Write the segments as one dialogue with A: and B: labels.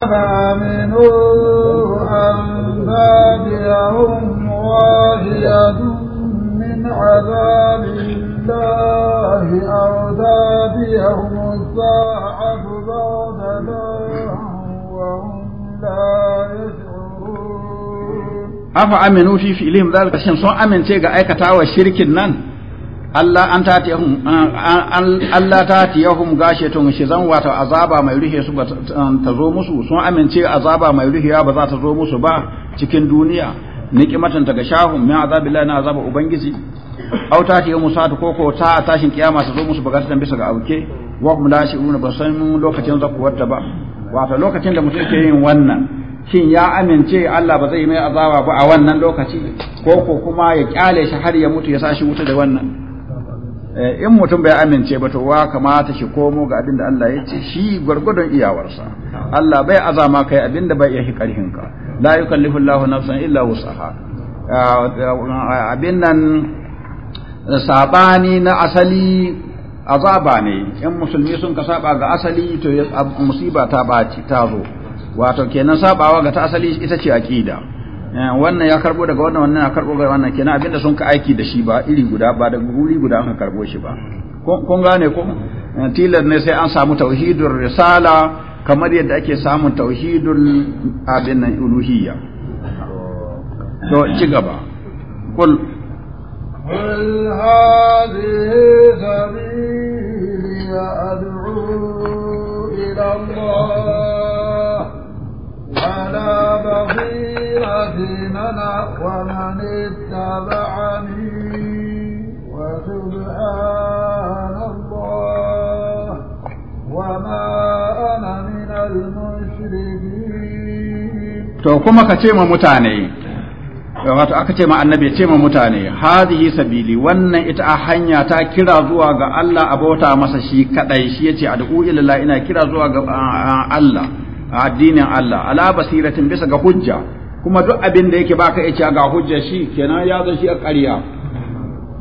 A: فآمنوا أن من عذاب الله أو وهم لا
B: يشعرون أفأمنوا في فيلم ذلك عشان سوء أمن تيجا أي كتاوى الشرك النان Allah an tatiyahum Allah tatiyahum shi zan wato azaba mai ruhe su ba ta zo musu sun amince azaba mai ruhiya ba za ta zo musu ba cikin duniya niqimatan daga shahum min azabillahi na azaba ubangiji aw tatiyahum sa'atu koko ta a tashin kiyama ta zo musu ba ta bisa ga auke wa kuma la shi ba san lokacin zakuwarta ba wato lokacin da mutum ke yin wannan shin ya amince Allah ba zai mai azaba ba a wannan lokaci ko kuma ya kyale shi har ya mutu ya sa shi wuta da wannan Eh, in mutum bai amince ba to wa kamata shi komo ga abin da Allah ya ce shi gwargwadon iyawarsa Allah bai azama kai abin da bai yi karhin ka la yukallifu Allahu nafsan illa wusaha eh, abin nan sabani na asali azaba ne in musulmi sun ka saba ga asali to musiba ta baci ta zo wato kenan sabawa ga ta asali ita ce aqida Eh, wannan ya karbo daga wannan wannan ya karbo daga wannan kenan abinda sun ka aiki da shi ba iri guda ba daga guri guda aka karbo shi ba kun gane ko eh, tilar ne sai an samu tauhidur risala kamar yadda ake samun tauhidul abin nan uluhiyya to ci gaba kul قل
A: هذه سبيلي أدعو إلى الله بغيرة من ومن اتبعني وسبحان الله وما أنا من المشركين
B: to kuma ka ce ma mutane wato aka ce ma annabi ce ma mutane hadhihi sabili wannan ita a hanya ta kira zuwa ga Allah abota masa shi kadai shi yace ad'u ila ina kira zuwa ga Allah A addinin Allah ala basiratin bisa ga hujja kuma duk abin da yake baka yace ga hujja shi kenan ya zo shi a ƙarya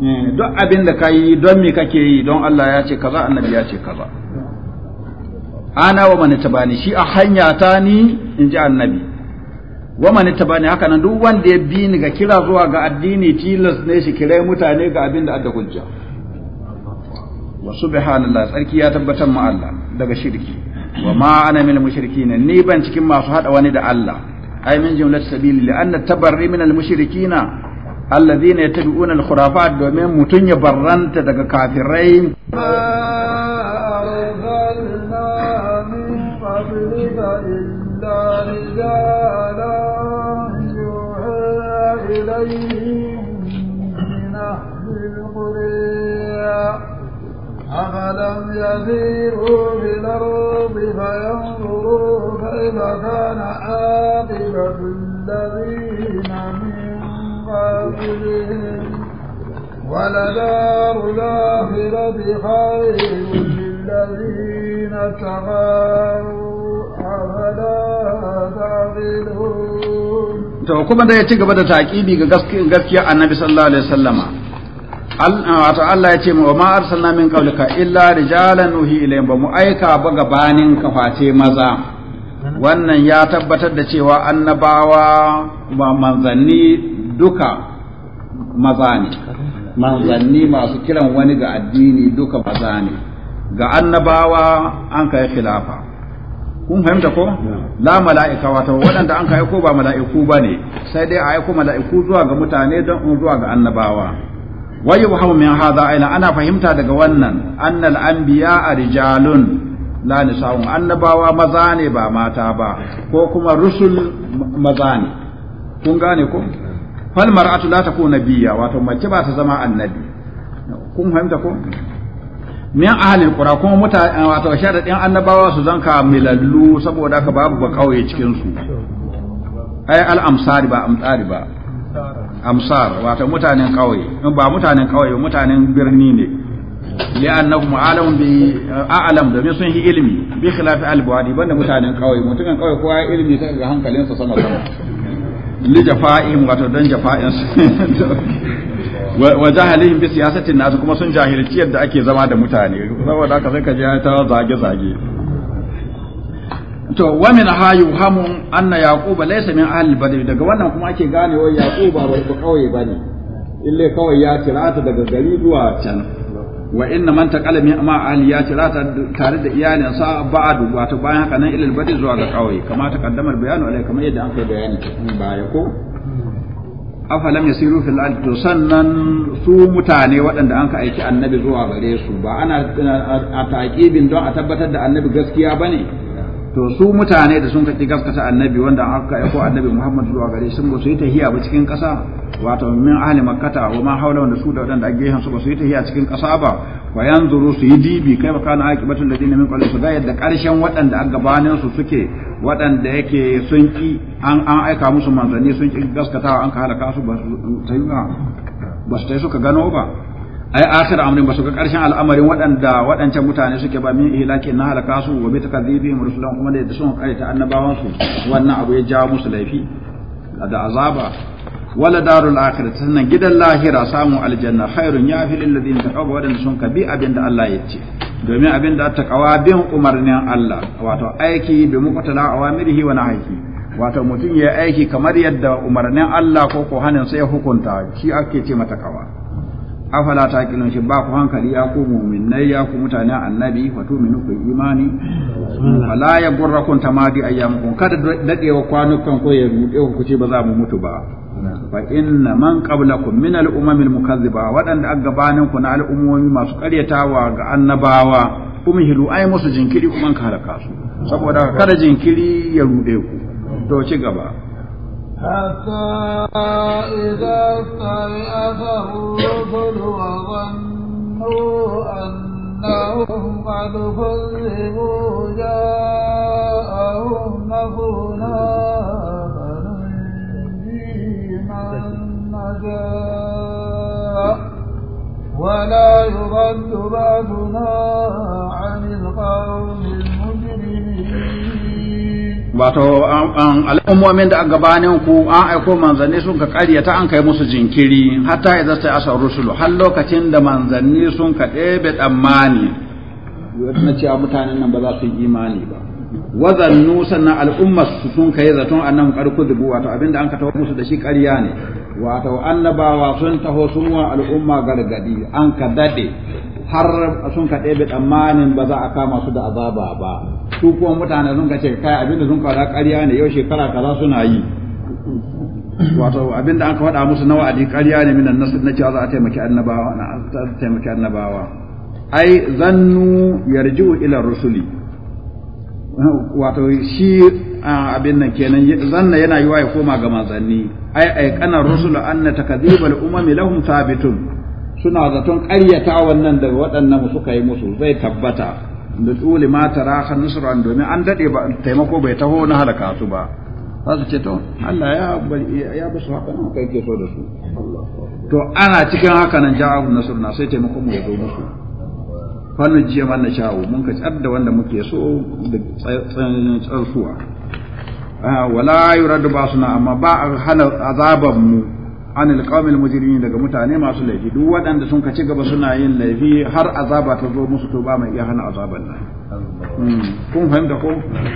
B: eh, duk abin da kai don me kake yi don Allah ya ce kaza annabi ya ce kaza ana wa man tabani shi a hanya ta ni in ji annabi wa man tabani haka nan duk wanda ya bi ni ga kira zuwa ga addini tilas ne shi kira mutane ga abin da adda hujja wa subhanallah tsarki ya tabbatar ma Allah daga shirki wa ma ana min mushrikin ni ban cikin masu hada wani da Allah ai min jumlat sabili li anna tabarri min al mushrikin alladhina yattabi'una al khurafat domin mutun ya barranta daga kafirai
A: ألم يسيروا في الأرض فينظروا كيف كان عاقبة الذين من قبلهم ولدار الآخرة خير للذين اتقوا أفلا
C: تعقلون.
B: To kuma da ya ci gaba da taƙibi ga gaskiyar annabi sallallahu alaihi wasallama wato Allah ya ce wa ma arsalna min qablika illa rijalan nuhi ilayhim ba mu aika ba gabanin kafate maza wannan ya tabbatar da cewa annabawa ba manzanni duka maza ne manzanni masu kiran wani ga addini duka maza ne ga annabawa an kai khilafa kun fahimta ko la mala'ika wato waɗanda an kai ko ba mala'iku bane sai dai a aiko mala'iku zuwa ga mutane don zuwa ga annabawa wa yubhamu min hadha aina ana fahimta daga wannan annal anbiya rijalun la nisa'un annabawa maza ne ba mata ba ko kuma rusul maza ne kun gane ko fal mar'atu la takunu nabiyya wato mace ba ta zama annabi kun fahimta ko min ahalin kura kuma mutane wato sharadin annabawa su zanka milallu saboda ka babu ba kauye cikin su ai al amsari ba amsari ba amsar wato mutanen kauye in ba mutanen kauye ba mutanen birni ne li'annahum alamun bi a'lam da sun yi ilimi bi khilafi al-buadi banda mutanen kauye mutanen kauye kowa ilimi ta ga hankalinsa sama sama li jafa'in wato dan jafa'in
C: wa jahilihim
B: bi siyasatin nasu kuma sun jahilci yadda ake zama da mutane saboda haka sai ka ji ta zage zage to wa min ha yuhamu anna yaquba laysa min ahli badri daga wannan kuma ake gane wai yaquba bai ba kauye bane ille kawai ya tirata daga gari zuwa can wa inna man taqala min ma ahli ya tirata tare da sa ba'du wato bayan haka nan ilal badri zuwa ga kauye kama ta kaddamar bayanu alai kamar yadda an kai bayani cikin baya ko afalam yasiru fil ard to sannan su mutane waɗanda an ka aiki annabi zuwa gare su ba ana a taqibin don a tabbatar da annabi gaskiya bane to su mutane da sun kaki gaskata annabi wanda an aka aiko annabi Muhammad zuwa gare sun ba su yi tahiya ba cikin ƙasa wato min ahli makkata wa ma haula wanda su da wadanda ake yin su ba su yi tahiya cikin ƙasa ba wa yanzuru su yi dibi kai ba kana aqibatul ladina min qablihim su ga yadda karshen wadanda a gabanin su suke wadanda yake sun ki an an aika musu manzanni sun ki gaskata an ka halaka su ba su tayi ba ba su tayi suka gano ba ai akhir amrin ba su ga karshen al'amarin waɗanda waɗancan mutane suke ba min ihlaki na halaka su wa bi takadhibihim rusulan kuma da sun karita annabawan su wannan abu ya jawo musu laifi da azaba wala darul akhirah sannan gidan lahira samu aljanna khairun yafi lil ladina taqaw waɗanda sun kabi abinda Allah ya ce domin abinda ta kawa bin umarnin Allah wato aiki bi muqtala awamirihi wa nahyihi wato mutum ya aiki kamar yadda umarnin Allah ko ko hanin sai hukunta shi ake ce mata kawa afala ta kilon shi ba ku hankali ya ku mu'minai ya ku mutane annabi wa tu'minu ku imani fala ya gurrakum tamadi ayyamukum kada dadewa kwanukan ko ya rude ku ce ba za mu mutu ba fa inna man qablakum min al-umam al-mukaththiba wadanda gabanin ku na al'ummomi masu karyatawa ga annabawa kuma hilu ai musu jinkiri kuma ka halaka su saboda kada jinkiri ya rude ku to ci gaba
A: حتى إذا استيأس الرسل وظنوا أنهم قد كذبوا جاءهم نصرنا ولا يرد بعدنا عن القوم
B: wato al'ummomin da a gabanin ku an aiko manzanni sun ka karyata an kai musu jinkiri hatta idza sai asar rusulu har lokacin da manzanni sun ka ɗebe tsammani na cewa mutanen nan ba za su yi imani ba wazannu sannan al'ummar su sun kai zaton annabi karku dubu wato abinda an ka tawo musu da shi ƙarya ne wato annabawa sun taho sun wa al'umma gargadi an ka dade har sun ka ɗebe tsammanin ba za a kama su da azaba ba su kuma mutane sun ka ce kai abinda sun kawo ƙarya ne yau shekara kaza suna yi wato abinda an ka faɗa musu na wa'adi ƙarya ne minan nasu na cewa za a taimaki annabawa na a taimaki annabawa ai zannu yarji'u ila rusuli wato shi abin nan kenan zanna yana wa ya koma ga manzanni ai ai kana rusulu anna takadibal umami lahum thabitun suna zaton ƙaryata wannan da waɗannan suka yi musu zai tabbata da tsuli ma ta raka hannusuran domin an daɗe ba taimako bai taho na halaka su ba za su ce to Allah ya ya ba su haka nan kai ke so da su to ana cikin haka nan Nasiru na sai taimako mu ya zo musu fannu jiya man na sha'u mun ka tsar da wanda muke so da tsarsuwa ah, wala yuradu suna amma ba a hana azaban mu an alqamil mujrimin daga mutane masu laifi duk waɗanda sun ka ci gaba suna yin laifi har azaba ta zo musu to ba mai iya hana azaban nan hmm. kun fahimta ko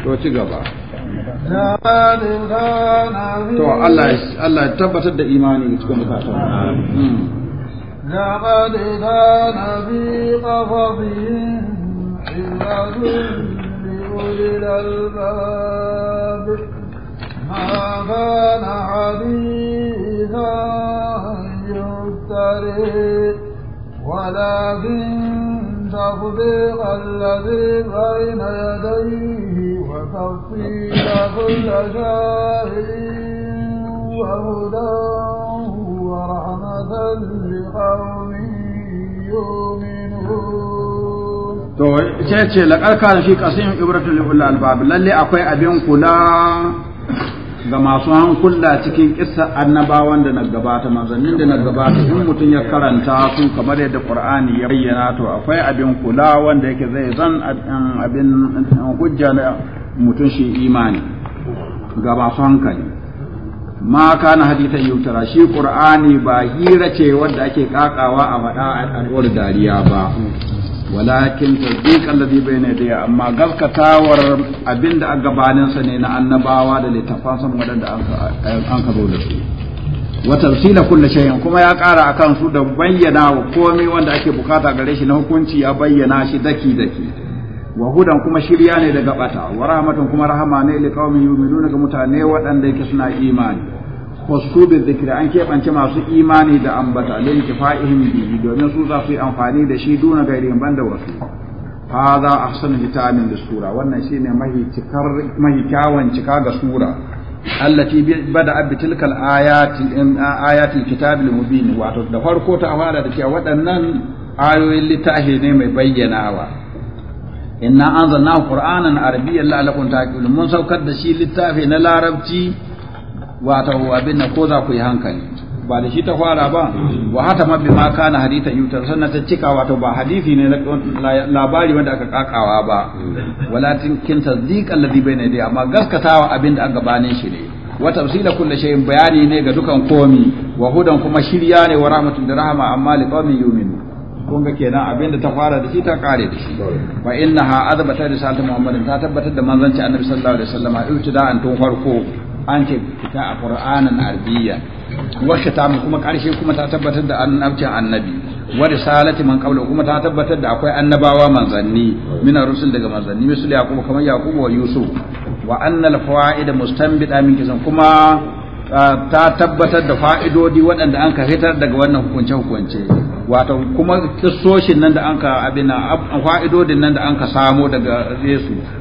B: to ci gaba to Allah Allah ya tabbatar da imani cikin mutane hmm. لقد
A: كان في قصصهم عبرة لأولي الألباب ما كان حديثا ولكن تطبيق الذي بين يديه وتفصيل كل شيء وهدى ورحمة لقوم يؤمنون.
B: To, sai ce, laƙar kana fi ƙasin ibratul ulul albab, lalle akwai abin kula ga masu hankula cikin kisa, annabawan da na gabata manzannin da na gabata in mutum ya karanta su kamar yadda qur'ani ya bayyana to akwai abin kula wanda yake zai zan abin hujja na mutum shi imani ga masu hankali ma kana hadita yutara shi qur'ani ba hira ce wadda ake kakawa a faɗa a dariya ba walakin tasdiqan ladhi bayna yadayhi amma gaskatawar abinda a gabanin ne na annabawa da littafansa wadanda an ka zo da su wa tafsila kulli shay'in kuma ya kara akan su da bayyana wa komai wanda ake bukata gare shi na hukunci ya bayyana shi daki daki Wahudan kuma shirya ne daga bata wa rahmatun kuma rahama ne li qaumin yu'minuna ga mutane waɗanda yake suna imani khusu bi dhikri an keɓance masu imani da ambata lin kifa'ihim bihi domin su za su yi amfani da shi duna ban da wasu hadha ahsanu hitamin da sura wannan shine mahi cikar mahi kyawun cika ga sura allati bada bi tilkal ayati in ayati kitabil mubin wato da farko ta fara da cewa waɗannan ayoyin littafi ne mai bayyanawa inna anzalnahu qur'anan arabiyyan la'allakum ta'qilun mun saukar da shi littafi na larabci wato abin nan ko za ku yi hankali ba da shi ta fara ba wa hata mabbi ma kana hadithan yutar sannan ta cika wato ba hadisi ne labari wanda aka kakawa ba walakin kin tasdiq alladhi bayna yadi amma gaskatawa abin da an gabane shi ne wa tafsila kulli shay'in bayani ne ga dukan komi wa hudan kuma shirya ne wa rahmatun da rahama amma liqawmin yu'minu kun ga kenan abinda ta fara da shi ta kare da shi wa innaha azbata risalatu muhammadin ta tabbatar da manzanci annabi sallallahu alaihi wasallam ibtida'an tun farko an ce fita a qur'anan arabiyya wacce ta kuma ƙarshe kuma ta tabbatar da annabcin annabi wadda salati man ƙaunar kuma ta tabbatar da akwai annabawa manzanni min rusul daga manzanni misali kuma kamar yaqub wa yusuf wa anna al fawaid mustanbita min kisan kuma ta tabbatar da fa'idodi waɗanda an ka fitar daga wannan hukunce hukunce wato kuma kissoshin nan da an ka abina fa'idodin nan da an ka samo daga Yesu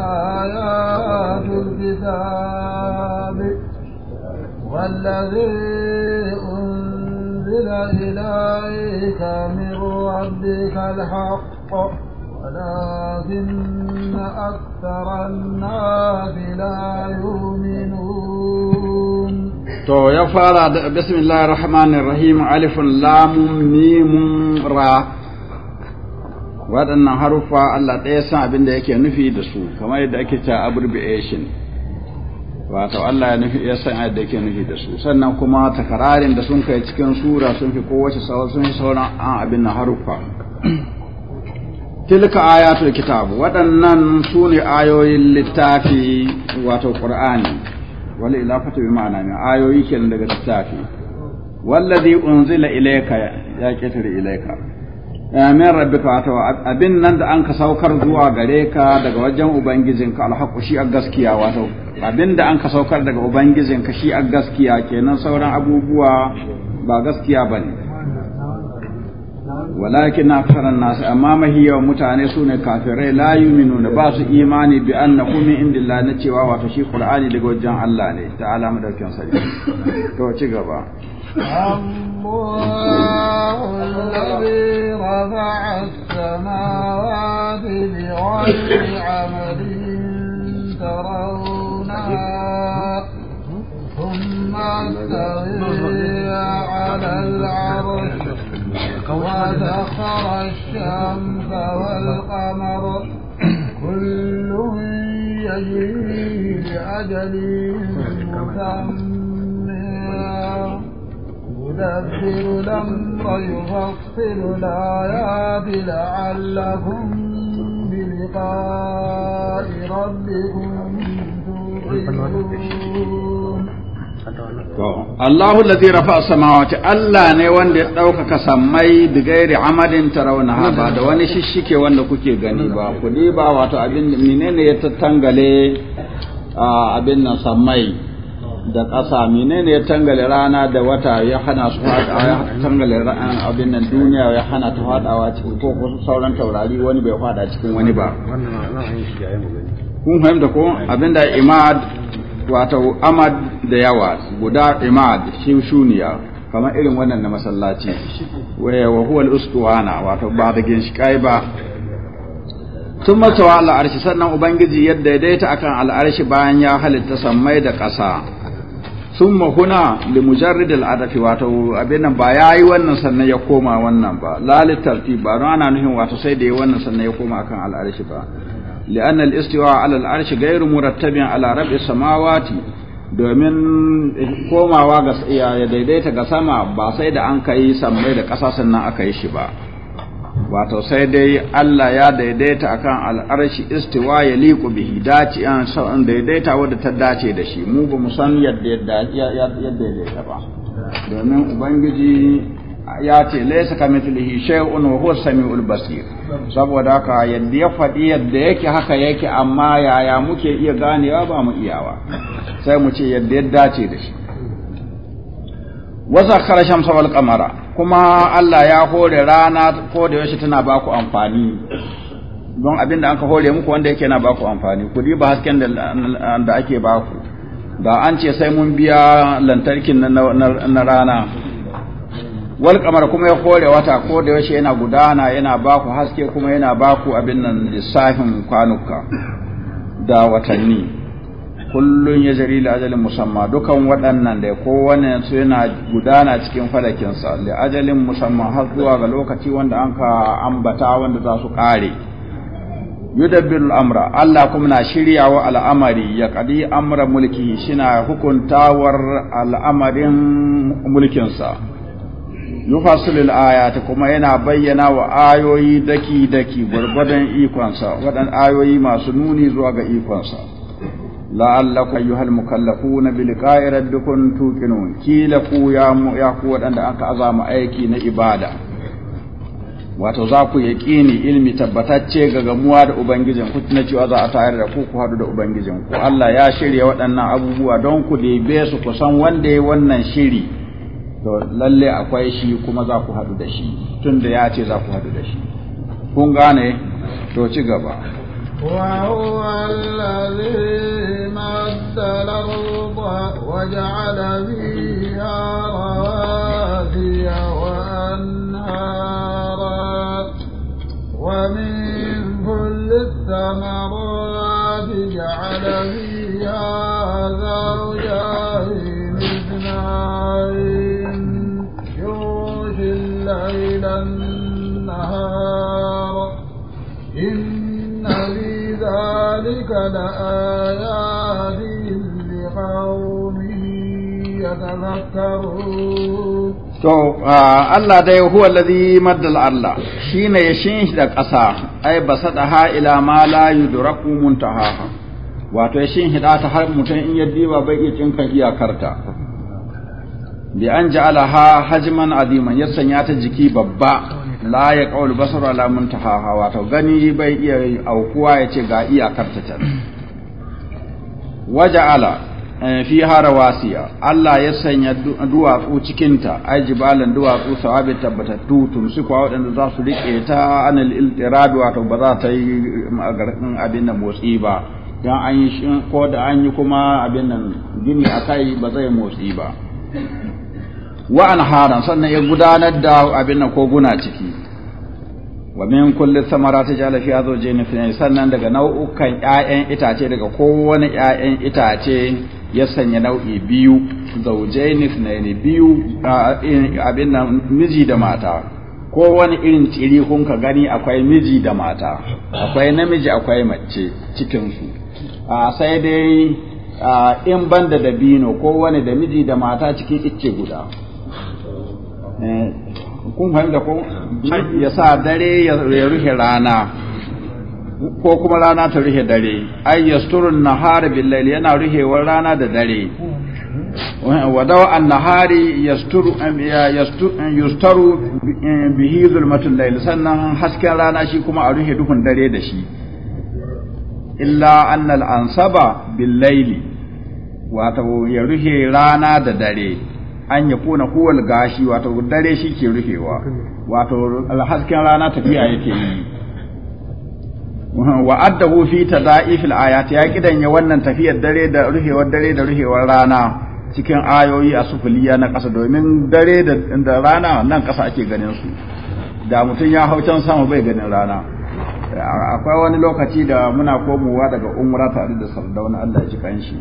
A: آيات الكتاب والذي أنزل إليك من ربك الحق ولكن أكثر الناس لا يؤمنون
B: تو يا فارا بسم الله الرحمن الرحيم ألف لام ميم را waɗannan haruffa Allah ɗaya san abin da yake nufi da su kamar yadda ake ta abbreviation wato Allah ya nufi ya san da yake nufi da su sannan kuma takararin da sun kai cikin sura sun fi kowace sun sauran an abin na haruffa tilka ayatul kitab waɗannan su ne ayoyin littafi wato qur'ani Wani ilafatu bi ma'ana ne ayoyi kenan daga littafi wallazi unzila ilayka ya ketare ilayka Eh, min ka wato abin nan da an ka saukar zuwa gare ka daga wajen ubangijinka alhaqu shi a gaskiya wato abin da an ka saukar daga ubangijinka shi a gaskiya kenan sauran abubuwa ba gaskiya bane walakin aktharan nasu amma mahi yawan mutane su ne kafirai la yu'minuna ba su imani bi annahu min indillahi na cewa wato shi qur'ani daga wajen Allah ne ta'ala to ci gaba
A: الله الذي رفع السماوات بغير عمل ترونها ثم استوي على العرش وسخر الشمس والقمر كل يجري لأجل مسمى يدبر الأمر يفصل الآيات لعلكم بلقاء
C: ربكم
B: Allahu ladhi rafa samawati Allah ne wanda ya ɗaukaka sammai da gairi amadin tarawnaha ba da wani shishike wanda kuke gani ba ku ba wato abin menene ya tattangale abin nan sammai da ƙasa menene ya tangale rana da wata ya hana su faɗawa ya tangale abin nan duniya ya hana ta faɗawa cikin ko wasu sauran taurari wani bai faɗa cikin wani ba kun fahimta ko abin da imad wato amad da yawa guda imad shi shuniya kamar irin wannan na masallaci waya wa huwa al-ustuwana wato ba da kai ba tun matawa al'arshi sannan ubangiji yadda ya daita akan al'arshi bayan ya halitta sammai da ƙasa ثم هنا لمجرد العدف واتو ya yi wannan sannan ya koma wannan ba la ba don ana nufin wato sai da ya wannan sannan ya koma kan al'arshi ba لأن الاستواء على العرش murattabin مرتب على domin komawa ga ya daidaita ga sama ba sai da an kai sammai da ƙasa sannan aka yi shi ba wato sai dai Allah ya daidaita akan al'arshi istiwa ya liku bihi dace an sa'an daidaita wadda ta dace da shi mu ba mu san yadda ya daidaita ba domin ubangiji ya ce laisa kamithlihi shay'un wa huwa samiul basir saboda haka yadda ya faɗi yadda yake haka yake amma yaya muke iya ganewa ba mu iyawa sai mu ce yadda ya dace da shi wa zakhara shamsa wal qamara kuma Allah ya hore rana ko da yaushe tana ba ku amfani don abin da an ka hore muku wanda yake na ba ku amfani ku ba hasken da ake ba ku ba an ce sai mun biya lantarkin na rana wal kamar kuma ya hore wata ko da yaushe yana gudana yana ba ku haske kuma yana ba ku abin nan lissafin kwanuka da watanni Kullum ya jari da ajalin musamman dukan waɗannan da kowane su yana gudana cikin falakinsa da ajalin musamman har zuwa ga lokaci wanda an ka ambata wanda za su ƙare yudabbiru amra Allah kuma na shirya wa al'amari ya kadi amra mulki shina hukuntawar al'amarin mulkinsa yufasilul ayati kuma yana bayyana wa ayoyi daki daki gurgurdan ikonsa waɗanda ayoyi masu nuni zuwa ga ikonsa la'allakum ayyuhal mukallafuna bi liqa'i rabbikum tuqinun kila ku ya mu ya ku wadanda aka azama aiki na ibada wato za ku yaqini ilmi tabbatacce ga gamuwa da ubangijin ku na cewa za a tayar da ku ku hadu da ubangijin ku Allah ya shirya waɗannan abubuwa don ku debe su ku san wanda ya wannan shiri to lalle akwai shi kuma za ku hadu da shi tunda ya ce za ku hadu da shi kun gane to ci gaba
A: وهو الذي مد الأرض وجعل فيها رواسي وأنهارا ومن كل الثمرات جعل فيها زوجا ربك لآيات لقوم يتذكرون
B: To, Allah dai huwa ladhi maddal Allah shi ne ya shin da ƙasa, ai, ba saɗa ha'ila ma la yudraku muntaha wato ya shin hida ta har mutum in yaddi ba bai iya cinkan iyakarta. Bi an ja'ala ha hajiman aziman ya sanya ta jiki babba la ya kawul basar lamunta haha wato gani bai iya aukuwa ya ce ga iyakar ta can ala eh, fi harawasiya Allah ya sanya duwatsu cikin ta ai jibalan duwatsu sawabi tabbatattu tumsikwa waɗanda za su rike ta anil iltirad wato ba za ta yi garkin abin da motsi ba dan an yi ko da an yi kuma abin nan gini kai ba zai motsi ba wa anharan sannan ya gudanar da abin nan koguna ciki wa min kulli thamarati ja'ala fiha zawjayn fi sannan daga nau'ukan ƴaƴan itace daga kowane ƴaƴan itace ya sanya nau'i biyu zawjayn ithnayn biyu abin nan miji da mata Ko Wani irin tsiri kun ka gani akwai miji da mata akwai namiji akwai mace cikin su sai dai in banda dabino wani da miji da mata cikin icce guda Eh, kun fahimta ko ya sa dare ya rufe rana ko kuma rana ta rufe dare ay yasturun nahar bil layl yana rufewar rana da dare wa an nahari ya yastaru bihi zulmatul layl sannan hasken rana shi kuma a rufe duhun dare da shi illa annal ansaba bil wato ya rufe rana da dare an ya kuna huwal gashi wato dare shi ke rufewa wato alhasken rana tafiya yake yi wa addahu fi tadaifil ayati ya kidanya wannan tafiyar dare da rufewar dare da rufewar rana cikin ayoyi a sufuliya na ƙasa domin dare da rana nan ƙasa ake ganin su da mutum ya hau can sama bai ganin rana akwai wani lokaci da muna komowa daga umrata tare da sardauna Allah ya ji kanshi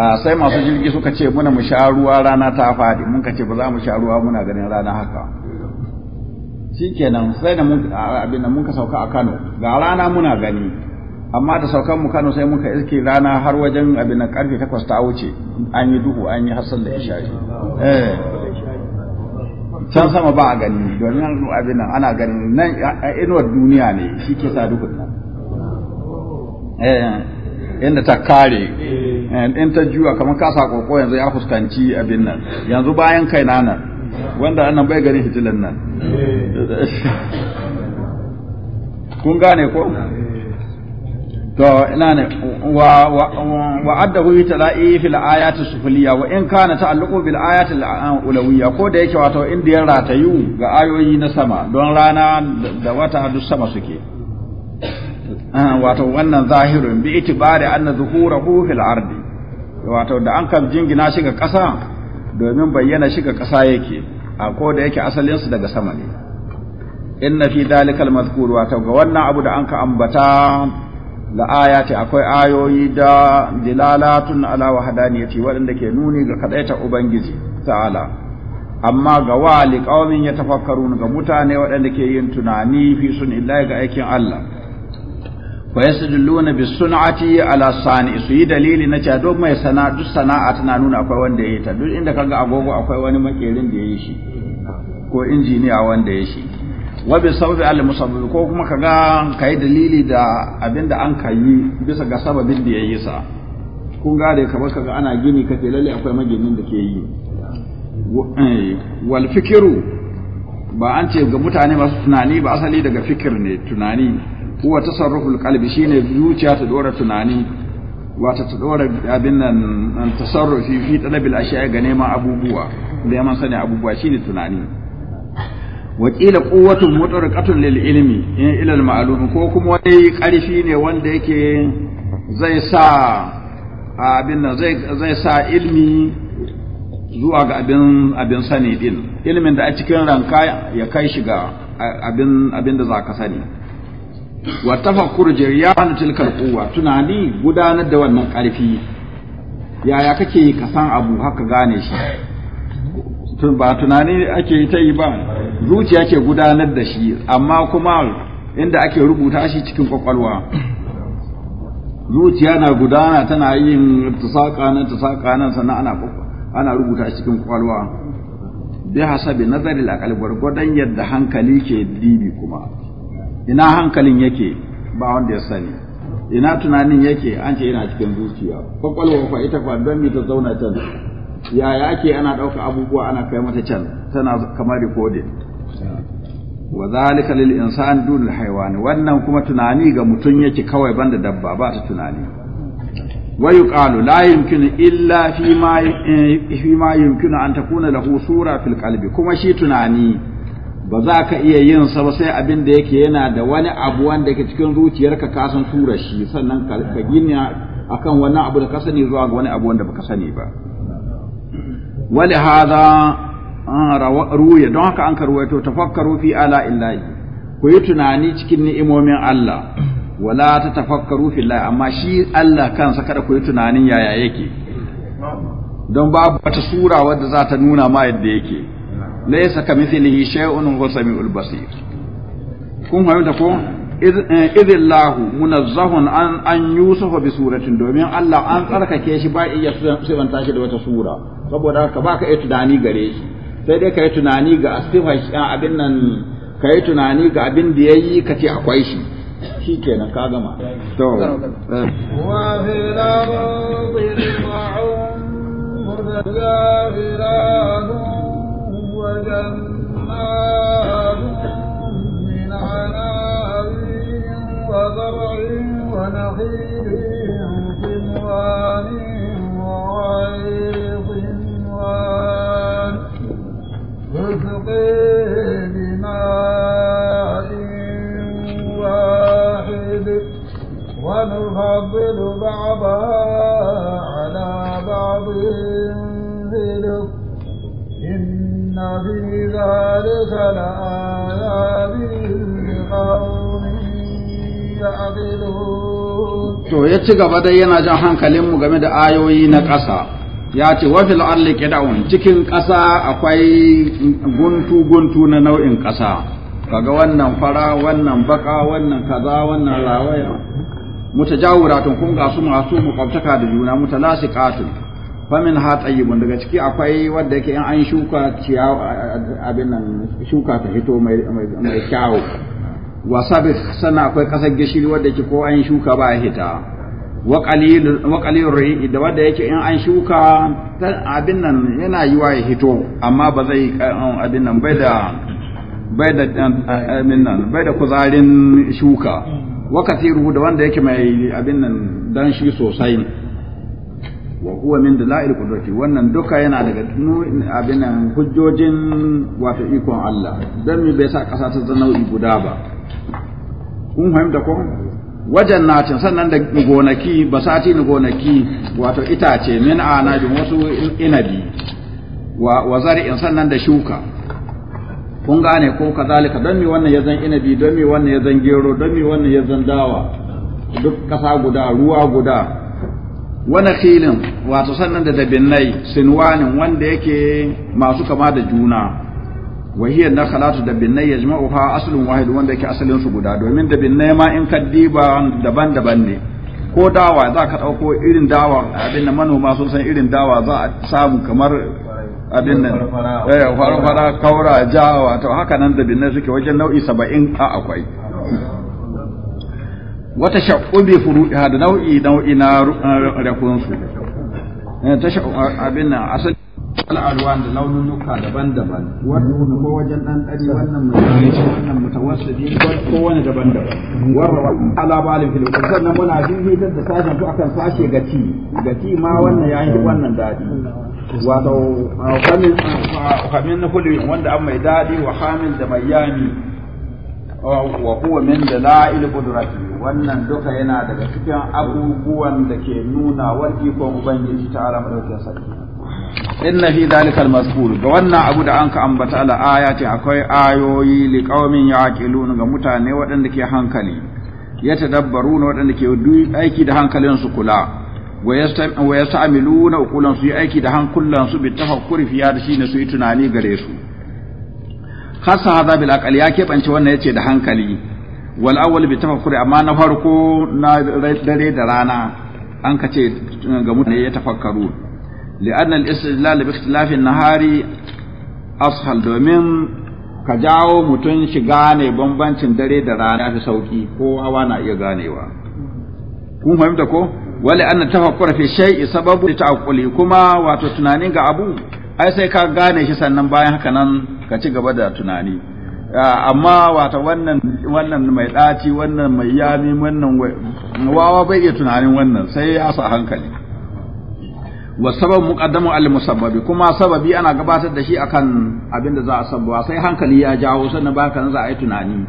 B: Ah, sai masu jirgi suka ce muna mu sha ruwa rana ta faɗi mun ka ce ba za mu sha ruwa muna ganin rana haka shikenan sai da mun ah, abin da mun ka sauka a Kano ga rana muna gani amma da saukan mu Kano sai mun ka iske rana har wajen abin da karfe 8 ta wuce an yi duhu an yi hasan da isha eh can sama ba a gani domin abin nan ana gani nan inuwar duniya ne shi ke sa duhun nan eh inda ta kare Eh, in ta juya kamar kasa koko yanzu ya fuskanci abin nan yanzu bayan kai na nan wanda annan bai gani fitilan nan kun gane ko to ina ne wa wa addahu tala'i fil ayati sufliya wa in kana ta'alluqu bil ayati al ulawiyya ko da yake wato inda ya ratayu ga ayoyi na sama don rana da wata duk sama suke ah, wato wannan zahirin bi itibari anna zuhurahu fil ardi wato da an kan jingina shi ga ƙasa domin bayyana shi ga ƙasa yake a ko da yake asalinsu daga sama ne inna fi dalikal mazkur wato ga wannan abu da an ka ambata la ayati akwai ayoyi da dilalatun ala wahdaniyati waɗanda ke nuni ga kadaita ubangiji ta'ala amma ga wali qaumin yatafakkarun ga mutane waɗanda ke yin tunani fi sun illahi ga aikin Allah wa yasduluna bis sun'ati ala sani su yi dalili na cewa duk mai sana duk sana'a tana nuna akwai wanda ya yi ta duk inda kaga agogo akwai wani makerin da ya yi shi ko injiniya wanda ya shi wa bi sababi al musabbib ko kuma kaga kai dalili da abinda an kayi bisa ga sababin da ya yi sa kun gare kamar kaga ana gini kace lalle akwai maginin da ke yi eh, wal fikiru ba an ce ga mutane masu tunani ba asali daga fikir ne tunani huwa tasarruful qalbi shine zuciya ta dora tunani wata ta dora abin nan tasarrufi fi talabil ashiya ga neman abubuwa da yaman sani abubuwa shine tunani wakila qila quwwatun mutarqatun lil ilmi in eh, ila al ma'lum ko kuma wani karfi ne wanda yake zai sa abin nan zai zai sa ilmi zuwa ga abin abin sani din ilmin da a cikin ranka ya kai shiga abin abin da za ka sani wa tafakkur jiryan tilka alquwa tunani gudanar da wannan karfi yaya kake ka san abu haka gane shi tun ba tunani ake ta yi ba zuciya ke gudanar da shi amma kuma inda ake rubuta shi cikin kwakwalwa zuciya na gudana tana yin tusaka nan tusaka nan sannan ana ana rubuta shi cikin kwakwalwa bi hasabi nazari al gwargwadon yadda hankali ke dibi kuma ina hankalin yake ba wanda ya sani ina tunanin yake an ce yana cikin zuciya kwakwalwa fa ita fa don ta zauna can yaya ake ana ɗauka abubuwa ana kai mata can tana kamar rikodin? wa zalika lil insan dun al haywan wannan kuma tunani ga mutun yake kawai banda dabba ba ta tunani wa yuqalu la yumkinu illa fi ma fi ma yumkinu an takuna lahu sura fil qalbi kuma shi tunani ba za ka iya yin sa ba sai abin da yake yana da wani abu wanda yake cikin zuciyarka ka san tura shi sannan ka gina akan wannan abu da ka sani zuwa ga wani abu wanda baka sani ba wali hadha ah, ruya don haka an to tafakkaru fi ala illahi ku yi tunani cikin ni'imomin Allah wala ta tafakkaru fi Allah amma shi Allah kansa kada ku yi tunanin yaya yake don babu wata sura wadda za ta nuna ma yadda yake laysa kamithlihi shay'un huwa samiul basir kun fahimta ko idillahu munazzahun an an yusufa bi suratin domin Allah an tsarkake shi ba iya sifanta shi da wata sura saboda haka ba ka yi tunani gare shi sai dai ka yi tunani ga asifa abin nan ka yi tunani ga abin da ya yi ka ce akwai shi shi kenan ka gama to
A: wa fil ardi ma'un وجناتهم من عناب وزرع ونخيل سنوان وغير سنوان تسقي واحد ونفضل بعضها على بعض في ذلك
B: to ya ci gaba dai yana jan hankalinmu game da ayoyi na ƙasa ya ce wafil arli ƙida'un, cikin ƙasa akwai guntu guntu na nau'in ƙasa kaga wannan fara wannan baka wannan kaza wannan rawaya mutajawuratun kun ga su masu mukwabtaka da juna katin famin ha tsayibun daga ciki akwai wadda yake in an shuka ciyawa abin nan shuka ta hito mai kyawu wa sabi sana akwai kasar gishiri wadda yake ko an shuka ba a hita wa qalilur ri'i da wadda yake in an shuka abin nan yana yiwa ya hito amma ba zai abin nan bai da bai da abin nan bai da kuzarin shuka wa kathiru da wanda yake mai abin nan danshi sosai wa huwa min dalail qudrati wannan duka yana daga abin nan hujjojin wato ikon Allah dan me bai sa kasa ta nau'i guda ba kun fahimta ko wajen nacin sannan da gonaki basati ni gonaki wato itace min anabin wasu inabi wa wazari in sannan da shuka kun gane ko kazalika dan me wannan ya zan inabi dan me wannan ya zan gero dan me wannan ya zan dawa duk kasa guda ruwa guda wani filin wato sannan da dabinnai sinwanin wanda yake masu kama da juna wahiyar na khalatu dabinnai ya jima'u ha asalin wahidu wanda yake asalin su guda domin dabinnai ma in ka diba daban-daban ne ko dawa za ka ɗauko irin dawa abin da manoma sun san irin dawa za a samu kamar abin nan eh, farfara kaura jawa to haka nan dabinnai suke wajen nau'i saba'in a akwai wata shaƙubi furu'iha da nau'i nau'i na eh, ta abin nan asali da laununuka daban-daban wannan ko wajen dan dari wannan wannan mutawassidi ko wani daban-daban ala balin fil muna da sashen akan sashe gati gati ma wannan yayi wannan dadi wato kamin kamin na wanda an mai dadi wa hamil da mayami wa huwa min wannan duka yana daga cikin abubuwan da ke nuna war ikon ubangiji ta ala madaukakin sarki inna fi zalika almasbur ga wannan abu da anka ambata ala ayati akwai ayoyi li qaumin yaqiluna ga mutane waɗanda ke hankali ya na waɗanda ke aiki da hankalin su kula wa yasta'miluna uqulan su yi aiki da hankulan su bi tafakkuri fi da shine su yi tunani gare su khasa hadha bil aqli ya keɓance wannan yace da hankali wal awwal bi tafakkuri amma na farko na dare da rana an kace ga mutane ya tafakkaru anna al-istidlal bi ikhtilaf an-nahari ashal domin ka jawo mutum shi gane bambancin dare da rana fi sauki ko hawa na iya ganewa kun fahimta ko Wali anna tafakkura fi shay'i sababu ta'aqquli kuma wato tunanin ga abu ai sai ka gane shi sannan bayan haka nan ka ci gaba da tunani Ah, amma wata wannan wannan mai ɗaci wannan mai yami wannan wawa bai iya tunanin wannan sai ya sa hankali wa sabab muqaddamu al musabbabi kuma sababi ana gabatar da shi akan abin da za a sai hankali ya jawo sannan ba kan za a yi tunani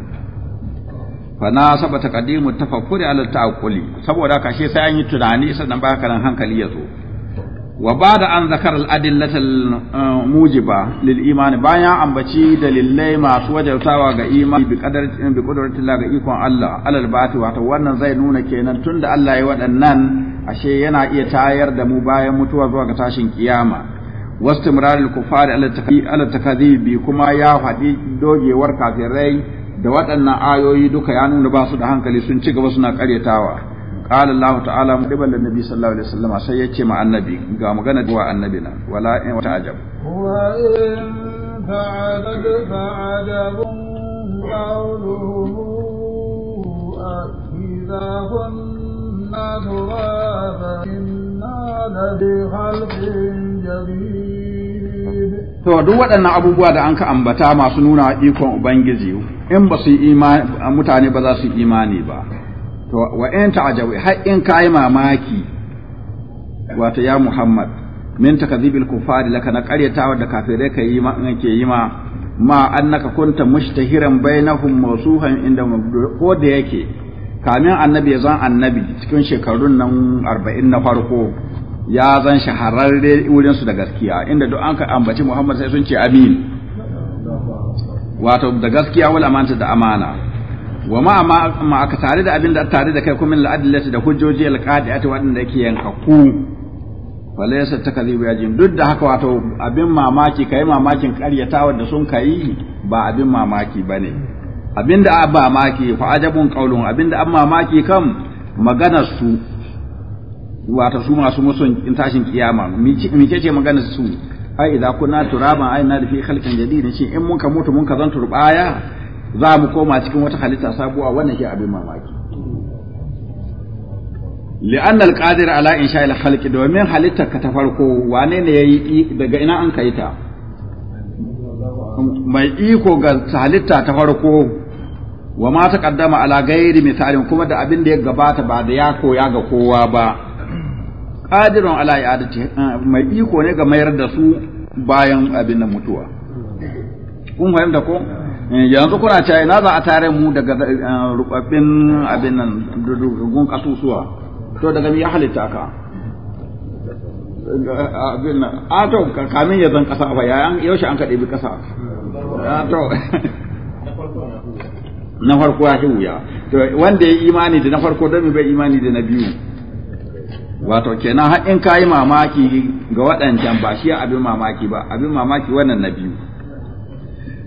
B: fa na sabata qadimu tafakkuri al ta'aqquli saboda kashe sai an yi tunani sannan ba nan hankali ya zo wa ba da an zakar al'adillatal mujiba lil imani bayan ambaci dalilai masu wajabtawa ga imani bi kudurtun ga ikon Allah alal ta wata wannan zai nuna kenan tun da Allah ya waɗannan ashe yana iya tayar da mu bayan mutuwa zuwa ga tashin kiyama wasu murarin kufari alal kuma ya faɗi dogewar kafirai da waɗannan ayoyi duka ya nuna ba su da hankali sun ci gaba suna ƙaryatawa قال الله تعالى mudibal nabi sallallahu alaihi wasallam sai yace ma مع ga قام da دواء النبينا ولا إن wata
A: وإن wa in
B: to duk waɗannan abubuwa da an ka ambata masu nuna ikon ubangiji in ba su imani mutane ba za su imani ba to wa in ta'jabu har in kai mamaki wato ya Muhammad min takdhibil kufar laka na wa da kafirai kai yi ma ke yi ma ma annaka kunta mushtahiran bainahum mawsuhan inda ko da yake kamin annabi yazan zan annabi cikin shekarun nan 40 na farko ya zan shahararre wurin su da gaskiya inda duk an ka ambaci Muhammad sai sun ce amin wato da gaskiya wala amanta da amana wa ma ma aka tare da abin da tare da kai kuma min al'adillati da hujjoji al-qadi'ati waɗanda yake yankaku falaysa takalibu ya jin duk da haka wato abin mamaki kai mamakin ƙaryatawa da sun kai ba abin mamaki bane abin da ba mamaki fa ajabun qaulun abin da amma mamaki kam magana su wato su masu musun tashin kiyama mi ce ce magana su ai idza kunna turaban ai na da fi khalqin jadid shi in mun ka mutu mun ka zan turbaya za mu koma cikin wata halitta sabuwa wannan ke abin mamaki li'anna al-qadir ala insha'i al khalqi domin halitta ka ta farko wane ne yayi daga ina an kai ta mai iko ga halitta ta farko wa ma ta kaddama ala ghairi misalin kuma da abin da ya gabata ba da ya koya ga kowa ba qadirun ala i'adati mai iko ne ga mayar da su bayan abin da mutuwa kun fahimta ko Eh, yanzu kuna cewa ina za a tare mu daga eh, rubabbin abin nan rugun kasusuwa to daga ya halitta ka eh, abin nan a ah, to kamin ya zan kasa fa yayan yaushe an kaɗe bi kasa
C: a ah, to
B: na farko ya wuya to wanda ya imani da na farko don bai imani da na biyu wato kenan har in kayi mamaki ga waɗancan ba shi abin mamaki ba abin mamaki wannan na biyu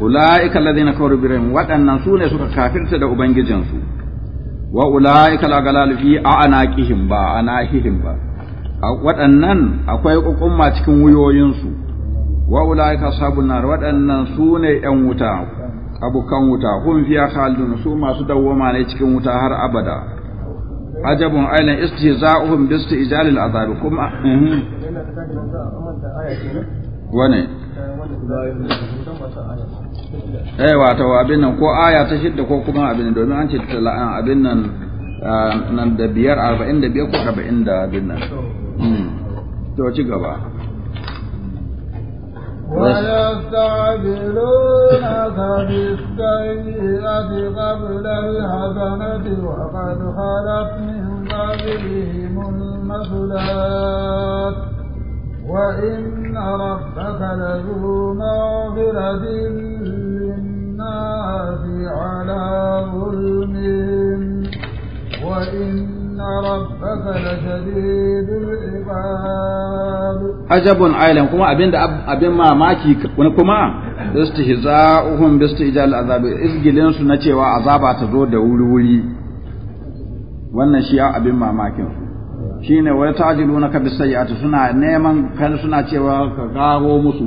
B: ula'ika alladhina kafaru bi rabbihim waɗannan sune suka kafirta da ubangijinsu wa ula'ika al fi a'naqihim ba anahihim ba waɗannan akwai ƙuƙumma cikin wuyoyinsu wa ula'ika ashabun nar waɗannan sune ƴan wuta abukan wuta hum fiya khalidun su masu dawwama ne cikin wuta har abada ajabun ailan istihza'uhum bi istijalil azab kum mhm. wane eh wato abin nan ko aya ta shidda ko kuma abin domin an ce tala'an abin nan ah, nan da biyar arba'in da biyar ko arba'in da abin nan hmm. to ci gaba
A: ويستعجلونك بالسيئة قبل الحسنة وقد خلت من قبلهم المثلات ربك لذو الناس على ظلمهم وإن ربك لشديد العقاب
B: عجب عالم كما أبين أبين ما ماكي كما استهزاؤهم باستهزاء العذاب إذ su na cewa azaba ta zo da wuri-wuri wannan shi abin mamakin su shi ne wai tajilu na kabi sayyatu suna neman kan suna cewa ka gago musu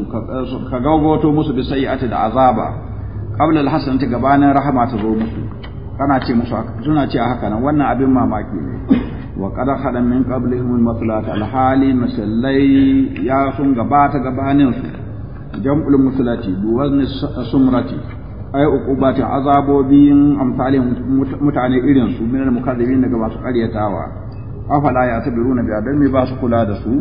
B: ka gagoto musu bi sayyatu da azaba abdul Hassan hasan ta gabanin rahama ta zo musu kana ce musu haka suna ce haka nan wannan abin mamaki ne wa qad khala min qablihim al-matlat al-hali masallai ya sun gabata gabanin su jam'ul muslati duwan sumrati ay uqubati azabobin amsalin mutane irin su min al-mukazzibin daga masu qaryatawa afala ya tabiruna bi adami ba su kula da su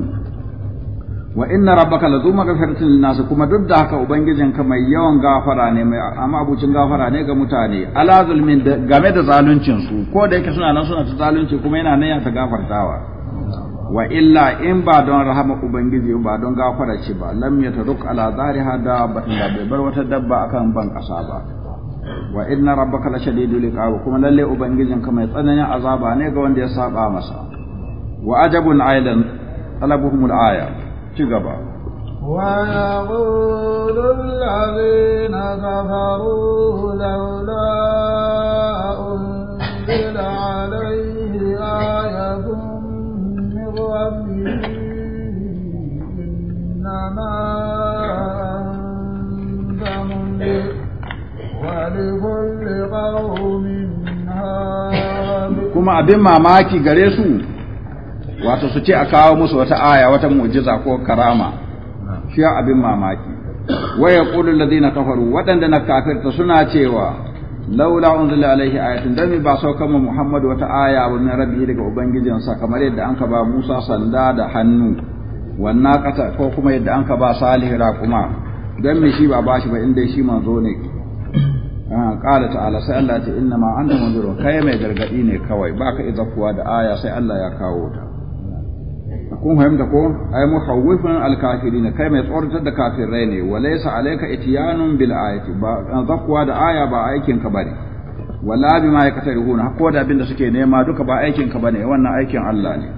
B: wa inna rabbaka la zuma linnas kuma duk da haka ubangijin mai yawan gafara ne mai amma abucin gafara ne ga mutane ala zulmin game da zaluncin su ko da yake suna nan suna ta zalunci kuma yana nan ya ta gafartawa wa illa in ba don rahama ubangiji ba don gafara ce ba lam yataruk ala zariha da ba bai bar wata dabba akan ban kasa ba wa inna rabbaka la shadidul iqab kuma lalle ka mai tsananin azaba ne ga wanda ya saba masa wa ajabun aidan talabuhumul aya ci gaba.
A: Waya ƙudun lare na zafaru a ƙunzila
B: abin mamaki gare su? wato su ce a kawo musu wata aya wata mu'jiza ko karama shi abin mamaki wa yaqulu alladhina kafaru wadanda na kafirta suna cewa laula unzila alaihi ayatun dami ba so mu muhammad wata aya wa min rabbi daga ubangijinsa kamar yadda anka ba musa sanda da hannu wannan kata ko kuma yadda anka ba salih raquma dan me shi ba bashi ba inda shi manzo ne ah, qala ta'ala sai Allah ya inna ma anta munzirun kai mai gargadi ne kawai baka izakuwa da aya sai Allah ya kawo ta kun fahimta ko ay muhawwifan alkafirin kai mai tsoratar da kafirai ne walaysa alayka itiyanun bil ayati ba zakwa da aya ba aikin ka bane wala bima yaktarihuna ko da abinda suke nema duka ba aikin ka bane wannan aikin Allah ne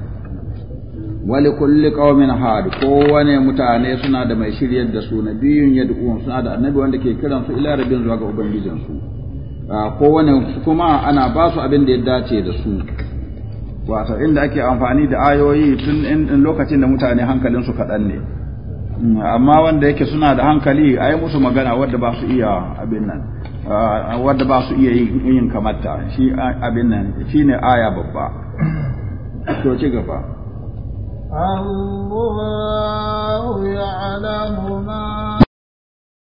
B: wali kulli qaumin had kowane mutane suna da mai shiryar da su nabiyun yad'un suna da annabi wanda ke kiran su ila rabbin zuwa ga ubangijin su ah, kowane kuma ana ba su abin da ya dace da su wato inda ake amfani da ayoyi tun in lokacin da mutane hankalinsu kaɗan ne mm, amma wanda yake suna da hankali ayi musu magana wadda ba su iya abin nan wadda ba su iya yin kamata shi abin nan shi aya babba to ci gaba
A: ya